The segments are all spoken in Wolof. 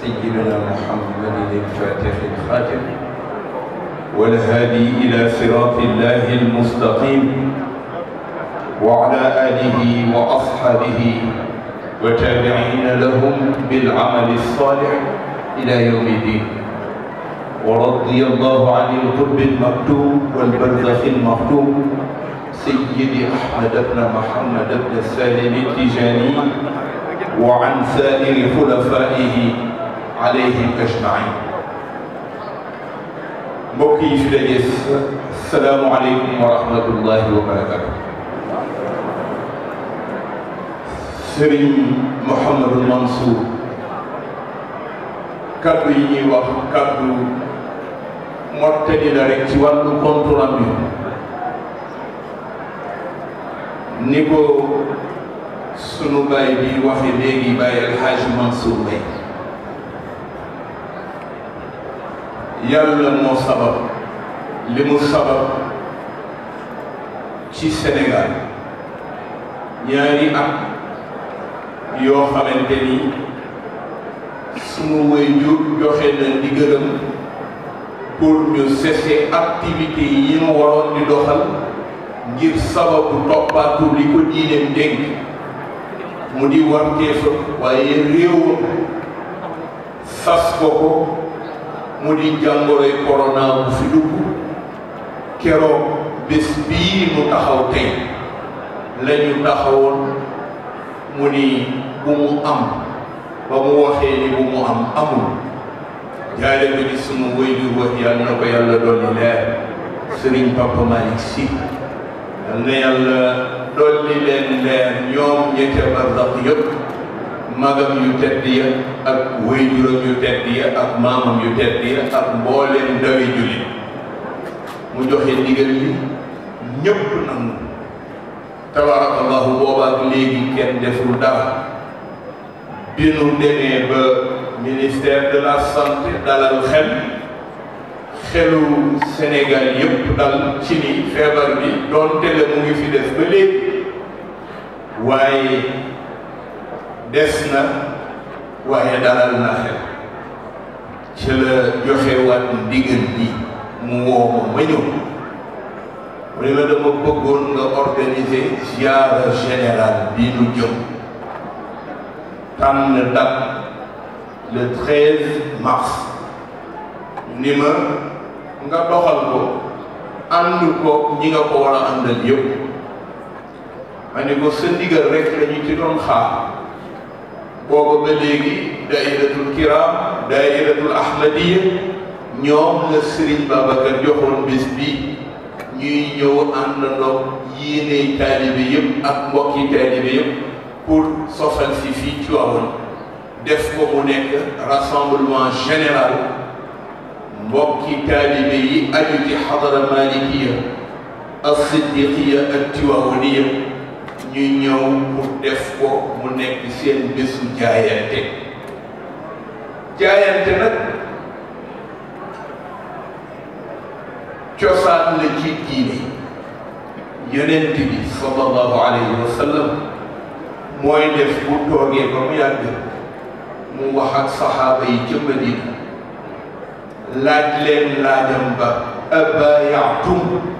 سيدنا محمد الفاتح الخاتم والهادي إلى صراط الله المستقيم وعلى آله وأصحابه وتابعين لهم بالعمل الصالح إلى يوم الدين ورضي الله عن القرب المكتوب والبرزخ المكتوب سيدي أحمد بن محمد بن سالم التجاني وعن سائر خلفائه عليهم اجمعين مكي فليس السلام عليكم ورحمه الله وبركاته سرين محمد المنصور كابريني وكابرو مرتدي لاريكي والو كونترامي نيكو سنو باي بي وحي باي الحاج منصور بي. yàlla moo sabab li mu sabab ci Sénégal ñaari at yoo xamante ni sunu waajur joxe na ndigalam pour ñu cesser activité yi mu waroon di doxal ngir sababu toppaatu li ko diineem dénk mu di warteefa waaye réew sas ko ko mu di jàngoroy corona bu fi dugg keroog bés bii mu taxaw taxawoon mu ni bu mu am ba mu waxee ni bu mu am amul jaale ko ni sunu waajur wax yàlla na ko yàlla doon leer sëriñ Papa Malick Sy yal na yàlla dolli leen leer ñoom ñette barzaq yëpp magam yu tedd ya ak wéyjuram yu tedd ya ak maamam yu tedd ya ak mbooleem ndawi jullit mu joxe ndigal li ñëpp nangu tabarakallahu boobaak léegi kenn deful dara bi nu demee ba ministère de la santé dalal xel xelu Sénégal yëpp dal ci ni feebar bi doon tele mu ngi fi def ba léegi waaye des na waaye dalal na xel ci la joxewaat ndigal bi mu woo ma ma ñëw mu dama bëggoon nga organiser ziara générale bi ñu jëm tànn date le 13 mars ni ma nga doxal ko ànd ko ñi nga ko war a àndal yëpp ma ne ko sa ndigal rek la ñu ci doon xaar booba ba léegi dairatul kiram dairatul ahmadiya ñoom la Serigne Babacar joxoon bés bi ñuy ñëw àndandoo yéeney taalibe yëpp ak mbokki taalibe yëpp pour sofal si fii ci waawoon def ko mu nekk rassemblement général mbokki taalibe yi aju malikiya as siddiqiya ak tiwaawaniya ñu ñëw pour def ko mu nekk seen bésu jaayante jaayante nag cosaan la ci diine yonent bi sallallahu alayhi wa sallam mooy def bu toogee ba mu yàgg mu wax ak saxaaba laaj leen laajam ba abayaatum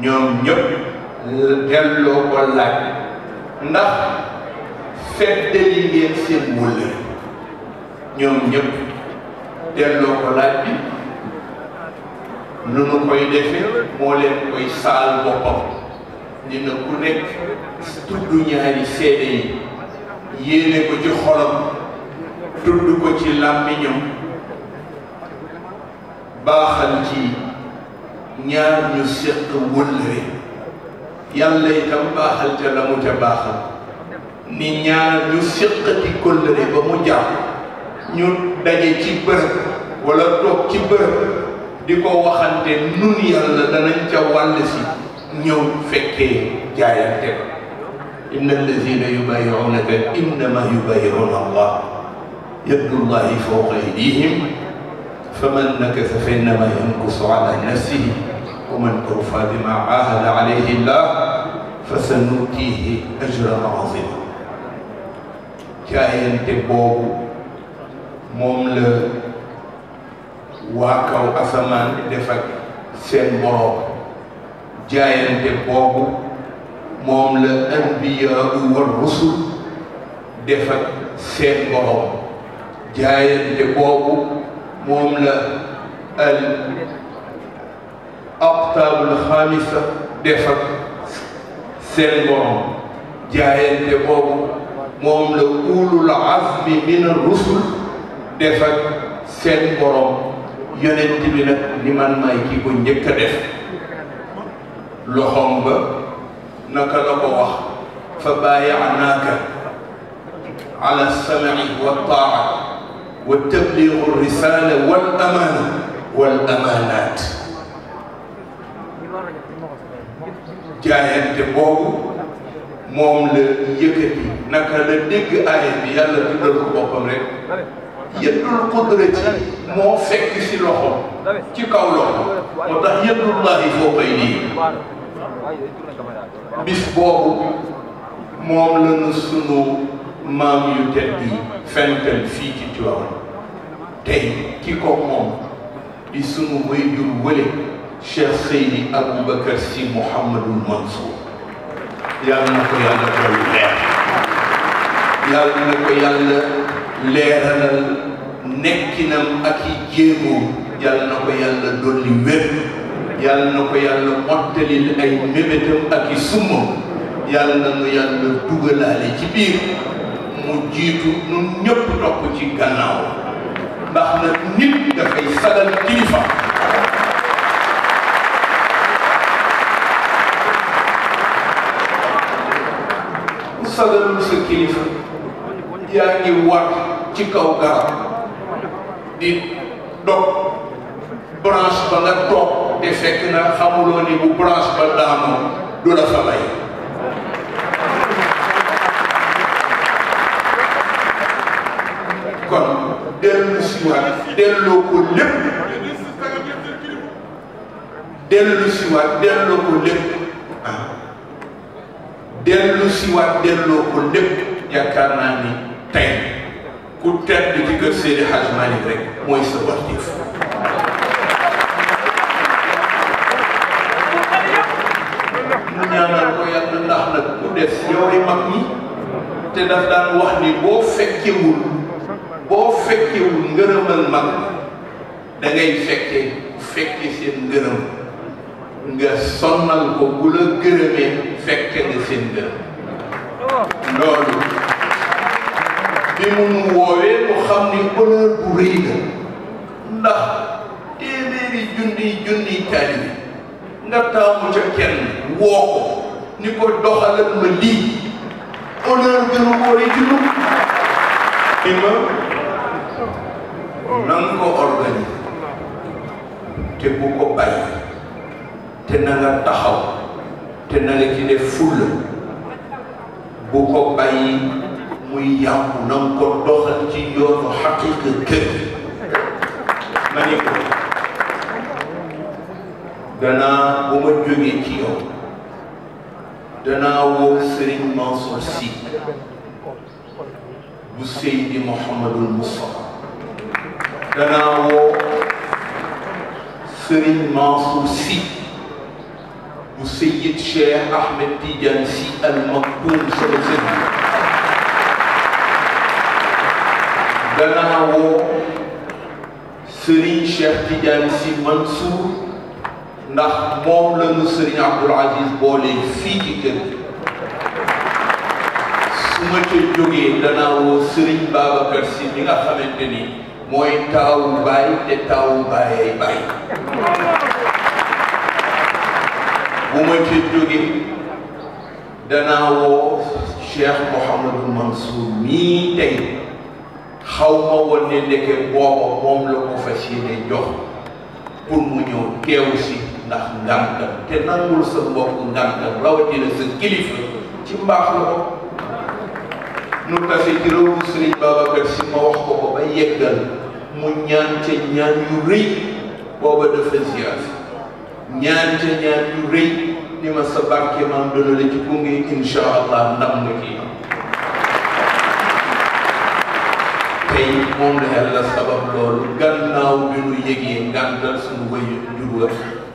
ñoom ñëpp delloo ko laaj ndax feddali ngeen seen wëllëre ñoom ñëpp delloo ko laaj bi nu nu koy defee moo leen koy saal boppam dina ku nekk tudd ñaari seede yi ko ci xolam tudd ko ci làmmiñam baaxal ci ñaar ñu séq wëllëre yàlla itam baaxal te la mu ca baaxal ni ñaar ñu séqati kóllëre ba mu jàpp ñu daje ci bërëb wala toog ci bërëb di ko waxante nun yàlla danañ ca wàll si ñëw fekkee jaayante ko inna allazina yubayi'unaka innama yubayi'una allah yadu llahi fawqa aydihim faman nakasa fa innama yankusu ala nafsihi ومن أوفى بما عاهد عليه الله فسنؤتيه أجرا عظيما كاين تبوب مملة واكاو أسمان دفك سين بروب جاين تبوب مملة أنبياء والرسل دفك سين بروب جاين تبوب مومل أقطاب الخامسة دفن سين موم جاهل تبوم موم لقول العزم من الرسل دفن سين موم يونت بنا لمن ما يكيبو نجك دفن لهم با نكلم واخ فبايعناك على السمع والطاعة والتبليغ الرسالة والأمانة والأمانات jaayante boobu moom la yëkkati naka la dégg aaya bi yàlla tuddal ko boppam rek yëddul qudrati moo fekk si loxo ci kaw loxo moo tax yëddullahi foo koy nii bis boobu moom la nu sunu maam yu tedd yi fental fii ci Tiwaawan tey ki ko moom di sunu wayjur wële Cheikh Seydi Aboubacar Sy Mouhamadul Mansour yàlla na ko yàlla doon leer yàlla na ko yàlla leeralal nekkinam ak i jéemoom yàlla na ko yàlla dolli wér yàlla na ko yàlla mottalil ay mébétam ak i summam yàlla na nu yàlla dugalaale ci biir mu jiitu nun ñëpp topp ci gannaaw ndax nag nit dafay sagal kilifa sagalul sa kilifa yaa ngi war ci kaw garab di dog branche ba nga toog te fekk na xamuloo bu branche ba daanoo du la fa lay kon dellu si waat delloo ko lépp dellu si waat delloo ko lépp dellu si waat delloo ko lépp yaakaar naa ni tey ku tedd ci kër Seydi Hadj Malick rek mooy sa wartif ñu ñaanal ko yàlla ndax nag ku des yow mag ñi te daf daan wax ni boo fekkewul boo fekkewul ngërëmal mag da ngay fekke fekke seen ngërëm nga sonnal ko bu la gërëmee fekk nga seen gërëm loolu bi mu nu woowee mu xam ni honneur bu rëy la ndax téeméeri junni junni taalibe nga taamu ca kenn woo ko ni ko doxalal ma lii honneur gënu ko rëy junni ni ma nan ko organiser te bu ko bàyyi te na nga te na nga ci def bu ko bàyyi muy yàqu na ko doxal ci yoonu xaqiqa kër ma ni ko danaa bu ma jógee ci yow danaa woo Serigne Mansour Sy bu Seydi Mouhamadul Moustapha danaa woo Serigne Mansour Sy والسيد شيخ احمد تيجانسي المقبول سنه 6 dana woo Serigne Cheikh Tidiane Sy Mansour ndax moom la nu Serigne Abdoul Aziz boole fii ci kër su ma ca jógee dana woo Serigne Babacar Sy mi nga xamante ni mooy taawu baay te taawu baayay baay bu ma ci jógee danaa woo Cheikh Mouhamadou Mansour mii tey xaw ma woon ne ndeke booba moom la ko fas yéene jox pour mu ñëw teew si ndax ngàntam te nangul sa mbokk ngàntam rawatina sa kilifa ci mbaax la ko nu tase ci réewu Sëriñ Babacar Si ma wax ko ko ba yeggal mu ñaan ca ñaan yu rëy booba dafa ziyaar ñaan ca ñaan ni ma sa barke maam dana la ci gunge allah ndam nga kii am tey la sabab loolu gannaaw bi nu yëgee ngàntal suñu wëyu jurwa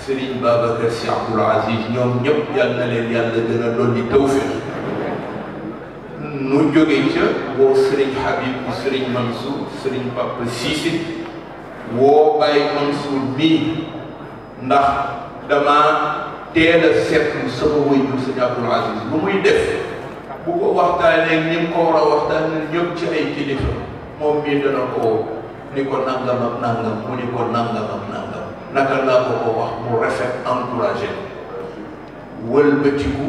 Serigne Babacar Sy Abdoul Aziz ñoom ñëpp yal na leen yàlla gën a dolli tawfiq nu jóge ca woo Serigne Habib bu Serigne Mansour Papa Cissé woo Baye Mansour bii ndax dama teel a seetlu sama wëyyu sëñ Abdoul Aziz lu muy def bu ko waxtaanee ni mu ko war a waxtaanee ñëpp ci ay kilifa moom mii dana ko ni ko nangam ak nangam mu ni ko nangam ak nangam naka laa ko wax mu rafet encouragé wëlbatiku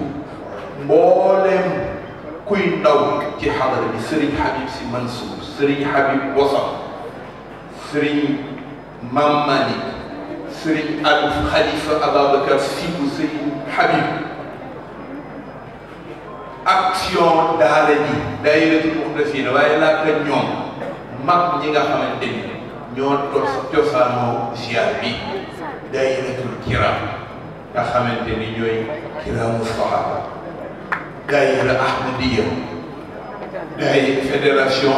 mbooleem kuy ndaw ci xadara bi Serigne Habib Sy Mansour Serigne Habib Bosam Serigne Mam sëriñ al xalifa ababacar si bu sëriñ habib action daara ji daayiratul muxtasina waaye laata ñoom mag ñi nga xamante ni ñoo tos cosaanoo ziar bi daayiratul kiram nga xamante ni ñooy kiramu sahaba daayira ahmadiya daayira fédération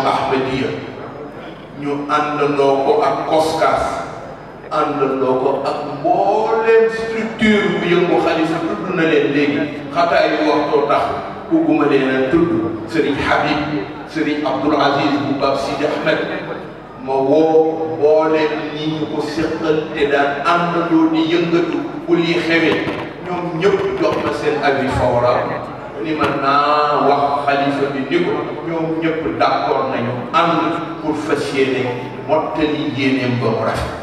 ko ak koskas àndandoo ko ak mbooleem structure bu yëngu xalisa tudd na leen léegi xataa yu waxtoo tax bugguma leen a tudd sëriñ Habib sëriñ Abdoul Aziz bu Bab Sidi Ahmed ma woo mbooleem ñi ñu ko seqal te daan àndandoo di yëngatu bu lii xewee ñoom ñëpp jox na seen avis favorable ni man naa wax xalifa bi ni ko ñoom ñëpp d'accord nañu ànd pour fas yéene mottali yéeneem ba mu rafet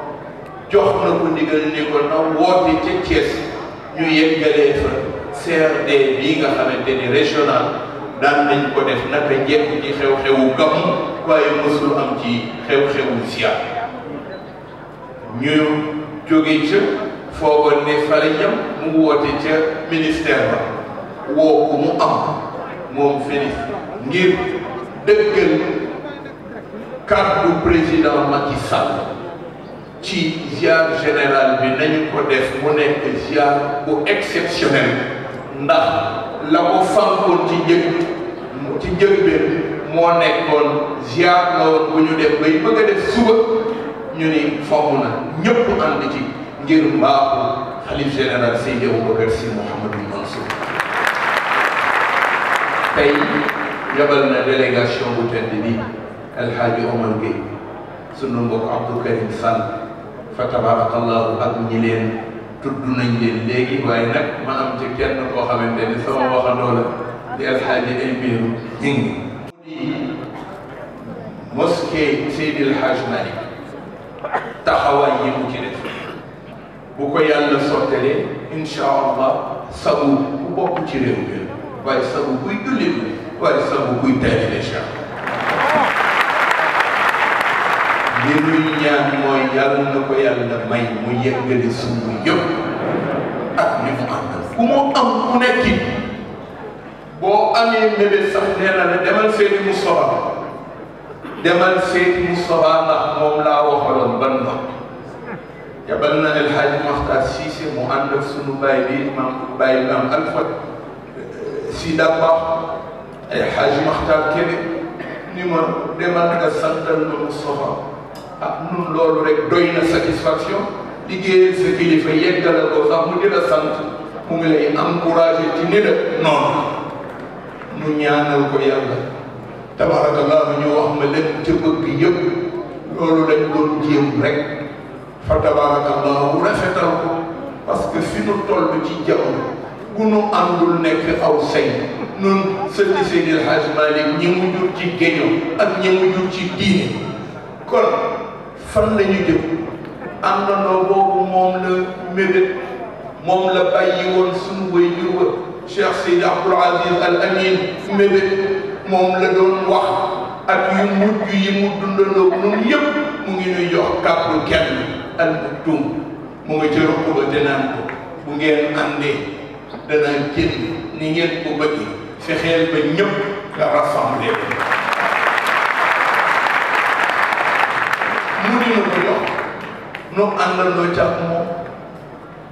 jox na ko ndigal ni ko na woote ca Thiès ñu yeggalee fa CRD bii nga xamante ni régional daan nañ ko def naka njëkk ci xew-xewu gàmmu waaye mësul am ci xew-xewu ziar ñu jóge ca foogoon ne fale ñam mu woote ca ministère ba woo ko mu am moom Félix ngir dëggal kàddu président Macky Sall ci ziar général bi nañu ko def mu nekk ziar bu exceptionnel ndax la ko fankoon ci njëg ci njëg bi moo nekkoon ziar la woon bu ñu def bay bëgg def suba ñu ni fonk na ñëpp ànd ci ngir mbaaxu xalif général Seydi Aboubacar Sy Mouhamadou Mansour tey yabal na délégation bu tedd bi El Hadji Omar Gueye sunu mbokk Abdou Karim Sall فتبارك الله قد نيلين تدنا نيلين لكي واي نك ما ام تي كين كو خامتيني سما واخا دولا دي الحاج اي بيرو جينغ مسكي سيد الحاج مالك تخاوي يمو كي ديف بوكو يالا سوتلي ان شاء الله سبو بوكو تي ريو بيرو واي سبو بوي دولي واي سبو بوي تاجي ان شاء الله ñaan mooy yàlla na ko yàlla may mu yeggale suñu yëpp ak ñu mu ànd ku mu ku nekki boo amee mébét sax nee na la demal seeti mu soba demal seeti mu soba ndax moom laa waxaloon ban ndox yabal na El Hadj Maxtaar Cissé mu ànd ak sunu baay bi maam baay bi am alfa euh, si dabaax El Hadj Maxtaar Kébé ni ma demal nga santal ma mu soba ak nun loolu rek doy na satisfaction liggéeyal sa kilifa yeggala ko sax mu di la sant mu ngi lay encouragé ci ni la noonu nu ñaanal ko yëpp loolu lañ doon jéem rek fa tabarakallahu rafetal ko parce que nu toll ci jaww ku nu àndul nekk aw say nun sëti Seydil Hadj Malick ñi mu ci géño ak ñi mu ci diine kon fan la ñu jëm àndandoo boobu moom la mébét moom la bàyyi woon suñu way jur wa Cheikh Seydi Aziz Al Amin mébét moom la doon wax ak yu mujj yi mu dundandoo noonu yëpp mu ngi ñuy jox kàddu kenn al maktum mu nga jëru ko ba dinaan ko bu ngeen àndee danaan jënd ni ngeen ko bëgg fexeel ba ñëpp nga rassemblé mu ni ma ko jox nu àndandoo ca moom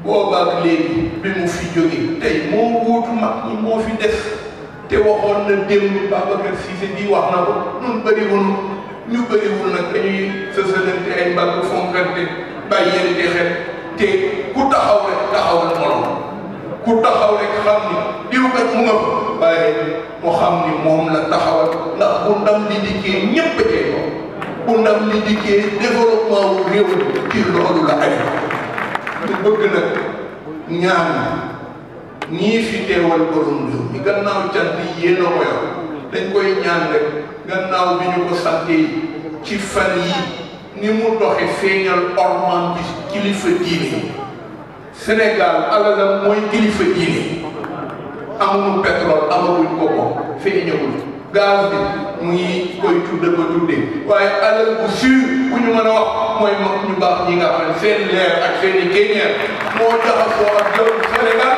boobaak léegi bi mu fi jóge tey moo wóotu mag ñi moo fi def te waxoon na démb Babacar Cissé di wax na ko ñun bëriwul ñu bëriwul nag dañuy sësalante ay mbagg fonkante bàyyante xel te ku taxaw rek taxaw na morom ku taxaw rek xam ni diw kat mu nga waaye mu xam ni moom la taxawal ndax bu ndam di dikkee ñépp a bu ndaw li dikkee développement wu réew ci loolu la ay ñu bëgg nag ñaan ñii fi teewal borom réew mi gannaaw cant yi yéen a koy dañ koy ñaan rek gannaaw bi ñu ko sante ci fan yi ni mu doxe feeñal orman bi kilifa diine Sénégal alalam mooy kilifa diine amuñu pétrole amaguñ ko ko feeñagul gaz bi mu ngi koy tudde ko tuddee waaye alal bu sûr bu ñu mën a wax mooy mag ñu baax ñi nga xam seen leer ak seen i keñeer moo tax a foor doomu Sénégal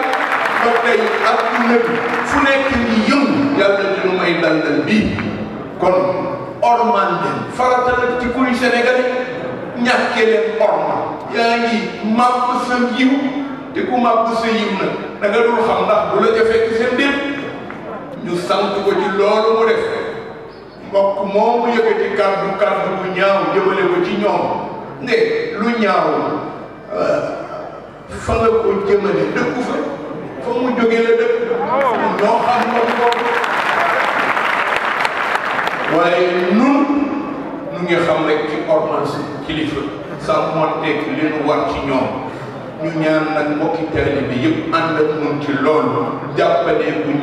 ba tey adduna bi fu nekk ni yëngu yàlla dina may daldal bii kon orman leen farata nag ci kuy sénégalais ñàkkee leen orma ku màpp sa yiw nag da nga dul xam ndax la ca fekk seen déet ñu sant ko ci loolu mu def mbokk moomu yëkkati kàddu kàddu bu ñaaw jëmale ko ci ñoom ne lu ñaaw euh, fa nga ko jëmale dëkku fa fa mu jógee la dëkk ñoo xam nga boobu waaye nun nu ngi xam rek ci ormance kilifa sa monteeg li nu war ci ñoom ñu ñaan nag mbokki taalibe bi yëpp ànd ak ñun ci loolu jàppale bu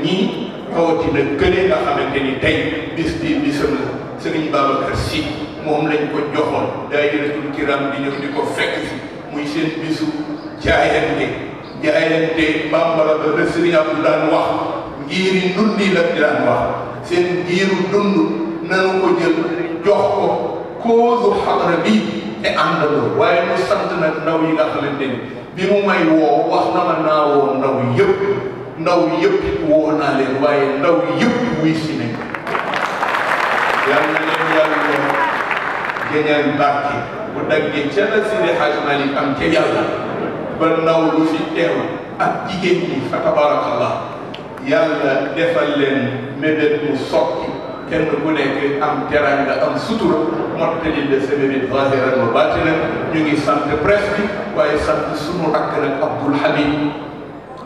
rawatina kële nga ni tey bis bi bisam si sëriñ Babacar Sy moom lañ ko joxoon daayiratul kiram di ñëw di ko fekk si muy seen bisu jaayante jaayante bambara ba la sëriñ Abdou daan wax ngiri ndundi la daan wax seen ngiiru dund nanu ko jël jox ko koosu xadra bi te ànd waaye mu sant nag ndaw yi ni bi mu may woo wax na ma naa woo ndaw yëpp ndaw yëpp woo naa leen waaye ndaw yëpp wuy si nañ yal leen yàlla géneen barke bu daggee ca la Sidi Hadj Malick am ca yàlla ba ndaw lu fi teew ak jigéen ñi fa tabarakallah yàlla defal leen mébét mu sokki kenn ku nekk am teraanga am sutura mottali la sa mébét zahiran wa batinan ñu ngi sant presse bi waaye sant sunu rakk nag Abdoul Hamid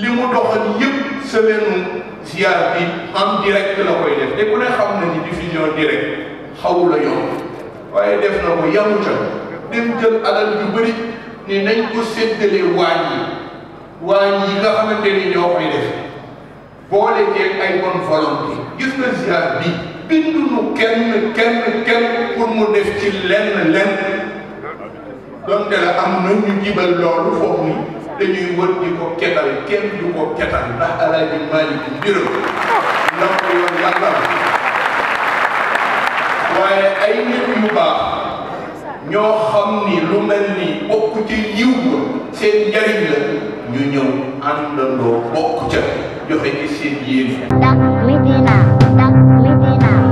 li mu doxal yëpp semaine ziar bi en direct la koy def te ku ne xam na ni diffusion direct xawu la waaye def na ko yamu ca dem jël alal yu bëri ni nañ ko séddale waañ yi waañ yi nga xamante ni ñoo koy def boole jeeg ay bonne volonté gis nga ziar bi bindu nu kenn kenn kenn pour mu def ci lenn lenn donte la am na jibal loolu foofu nii dañuy wër di ko ketal kenn du ko ketal ndax alaaji Maalik mbiram ndax ko yoon yàlla waaye ay nit yu baax ñoo xam ni lu mel ni bokk ci yiw ba seen njariñ la ñu ñëw àndandoo bokk ca joxe ci seen yéene. Dak Médina Dak Médina